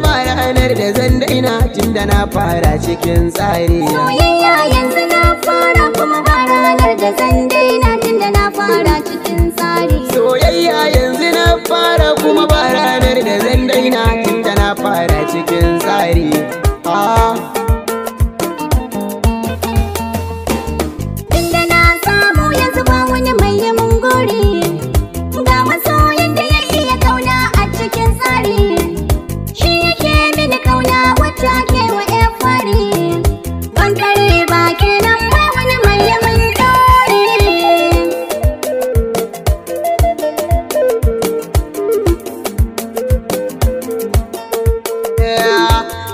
kuma ba ranar da zan daina tun da na fara cikin tsari soyayya yanzu na fara kuma ba ranar da zan daina tun da na fara cikin tsari soyayya yanzu na fara kuma ba sake wa ɗan fari bankare ba kenan ba wani malamin kare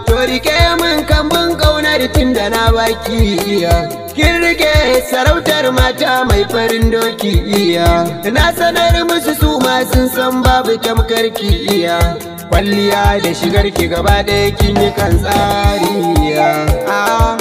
to rike min kambun ƙaunar tun da na baki iya kin rike sarautar mata mai farin doki iya na sanar musu suma ma sun san babu tamkar ki iya kwalliya da shigar ki gaba ɗaya kin yi kan tsariya ah,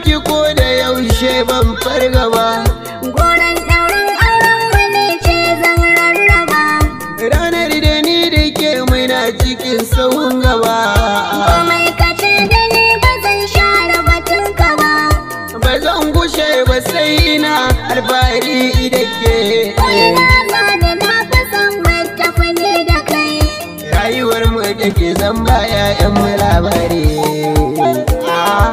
Ki ko da yaushe ban farga ba goran ɗauran auren wani ce zan rarraba ranar da ni da ke mai na cikin sauhun gaba ba mai kace da ni ba zan share batun ka ba ba zan gushe ba sai ina alfahari da ke Rayuwar mu take zan ba 'ya'yan mu labari. Ah.